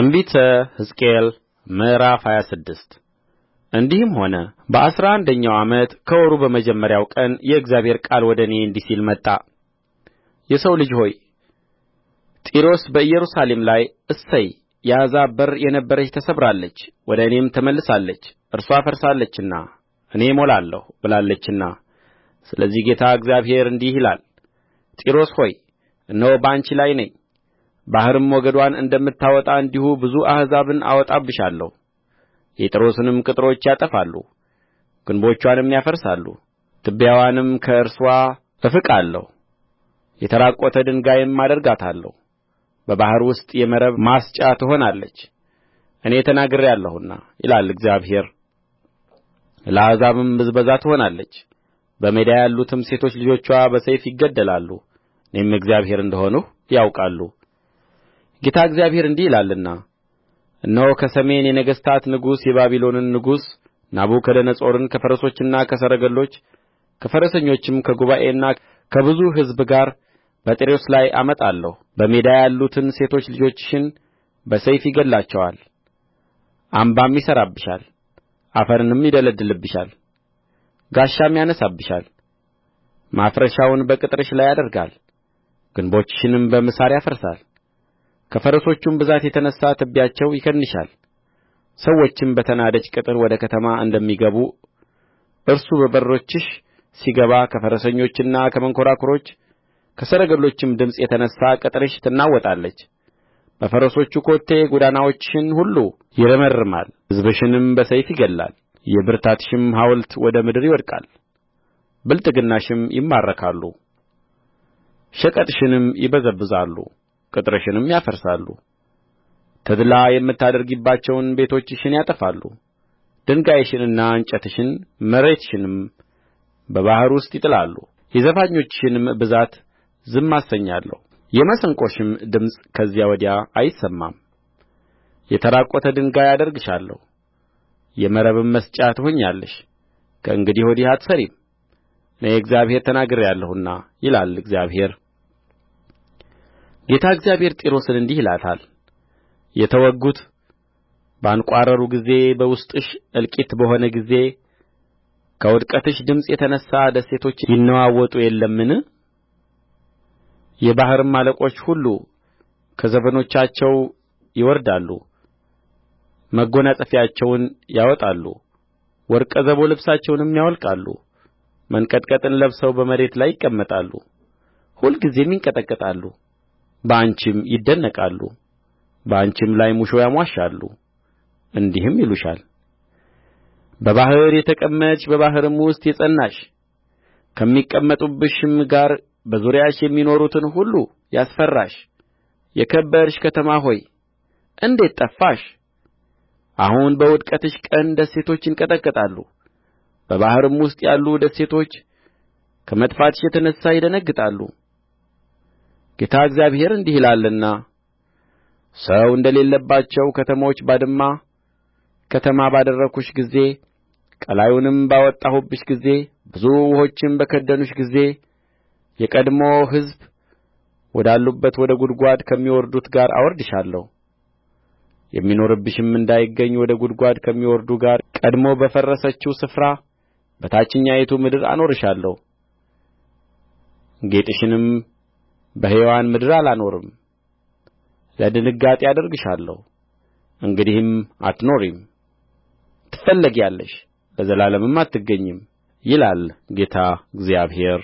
ትንቢተ ሕዝቅኤል ምዕራፍ ሃያ ስድስት እንዲህም ሆነ በአሥራ አንደኛው ዓመት ከወሩ በመጀመሪያው ቀን የእግዚአብሔር ቃል ወደ እኔ እንዲህ ሲል መጣ የሰው ልጅ ሆይ ጢሮስ በኢየሩሳሌም ላይ እሰይ የአሕዛብ በር የነበረች ተሰብራለች ወደ እኔም ተመልሳለች እርስዋ ፈርሳለችና እኔ እሞላለሁ ብላለችና ስለዚህ ጌታ እግዚአብሔር እንዲህ ይላል ጢሮስ ሆይ እነሆ በአንቺ ላይ ነኝ ባሕርም ሞገድዋን እንደምታወጣ እንዲሁ ብዙ አሕዛብን አወጣብሻለሁ የጢሮስንም ቅጥሮች ያጠፋሉ ግንቦችዋንም ያፈርሳሉ ትቢያዋንም ከእርስዋ እፍቃለሁ የተራቈተ ድንጋይም አደርጋታለሁ በባሕር ውስጥ የመረብ ማስጫ ትሆናለች እኔ ተናግሬአለሁና ይላል እግዚአብሔር ለአሕዛብም ብዝበዛ ትሆናለች በሜዳ ያሉትም ሴቶች ልጆችዋ በሰይፍ ይገደላሉ እኔም እግዚአብሔር እንደ ሆንሁ ያውቃሉ ጌታ እግዚአብሔር እንዲህ ይላልና እነሆ ከሰሜን የነገሥታት ንጉሥ የባቢሎንን ንጉሥ ናቡከደነፆርን ከፈረሶችና ከሰረገሎች ከፈረሰኞችም ከጉባኤና ከብዙ ሕዝብ ጋር በጢሮስ ላይ አመጣለሁ በሜዳ ያሉትን ሴቶች ልጆችሽን በሰይፍ ይገድላቸዋል አምባም ይሠራብሻል አፈርንም ይደለድልብሻል ጋሻም ያነሣብሻል ማፍረሻውን በቅጥርሽ ላይ ያደርጋል ግንቦችሽንም በምሳር ያፈርሳል ከፈረሶቹም ብዛት የተነሣ ትቢያቸው ይከድንሻል ሰዎችም በተናደች ቅጥር ወደ ከተማ እንደሚገቡ እርሱ በበሮችሽ ሲገባ ከፈረሰኞችና ከመንኰራኵሮች ከሰረገሎችም ድምፅ የተነሣ ቅጥርሽ ትናወጣለች በፈረሶቹ ኮቴ ጎዳናዎችሽን ሁሉ ይረመርማል ሕዝብሽንም በሰይፍ ይገድላል የብርታትሽም ሐውልት ወደ ምድር ይወድቃል ብልጥግናሽም ይማረካሉ፣ ሸቀጥሽንም ይበዘብዛሉ ቅጥርሽንም ያፈርሳሉ ተድላ የምታደርጊባቸውን ቤቶችሽን ያጠፋሉ ድንጋይሽንና እንጨትሽን መሬትሽንም በባሕር ውስጥ ይጥላሉ የዘፋኞችሽንም ብዛት ዝም አሰኛለሁ የመሰንቆሽም ድምፅ ከዚያ ወዲያ አይሰማም የተራቈተ ድንጋይ አደርግሻለሁ የመረብም መስጫ ትሆኛለሽ ከእንግዲህ ወዲህ አትሠሪም እኔ እግዚአብሔር ተናግሬአለሁና ይላል እግዚአብሔር ጌታ እግዚአብሔር ጢሮስን እንዲህ ይላታል የተወጉት ባንቋረሩ ጊዜ በውስጥሽ እልቂት በሆነ ጊዜ ከውድቀትሽ ድምፅ የተነሣ ደሴቶች ይነዋወጡ የለምን የባሕርም አለቆች ሁሉ ከዙፋኖቻቸው ይወርዳሉ መጐናጸፊያቸውን ያወጣሉ ወርቀ ዘቦ ልብሳቸውንም ያወልቃሉ መንቀጥቀጥን ለብሰው በመሬት ላይ ይቀመጣሉ ሁልጊዜም ይንቀጠቀጣሉ በአንቺም ይደነቃሉ በአንቺም ላይ ሙሾ ያሞሻሉ እንዲህም ይሉሻል በባሕር የተቀመጥሽ በባሕርም ውስጥ የጸናሽ ከሚቀመጡብሽም ጋር በዙሪያሽ የሚኖሩትን ሁሉ ያስፈራሽ የከበርሽ ከተማ ሆይ እንዴት ጠፋሽ አሁን በውድቀትሽ ቀን ደሴቶች ይንቀጠቀጣሉ በባሕርም ውስጥ ያሉ ደሴቶች ከመጥፋትሽ የተነሣ ይደነግጣሉ ጌታ እግዚአብሔር እንዲህ ይላልና ሰው እንደሌለባቸው ከተሞች ባድማ ከተማ ባደረግሁሽ ጊዜ ቀላዩንም ባወጣሁብሽ ጊዜ ብዙ ውኆችም በከደኑሽ ጊዜ የቀድሞ ሕዝብ ወዳሉበት ወደ ጕድጓድ ከሚወርዱት ጋር አወርድሻለሁ የሚኖርብሽም እንዳይገኝ ወደ ጕድጓድ ከሚወርዱ ጋር ቀድሞ በፈረሰችው ስፍራ በታችኛይቱ ምድር አኖርሻለሁ ጌጥሽንም በሕያዋን ምድር አላኖርም ለድንጋጤ አደርግሻለሁ እንግዲህም አትኖሪም ትፈለጊአለሽ ለዘላለምም አትገኚም ይላል ጌታ እግዚአብሔር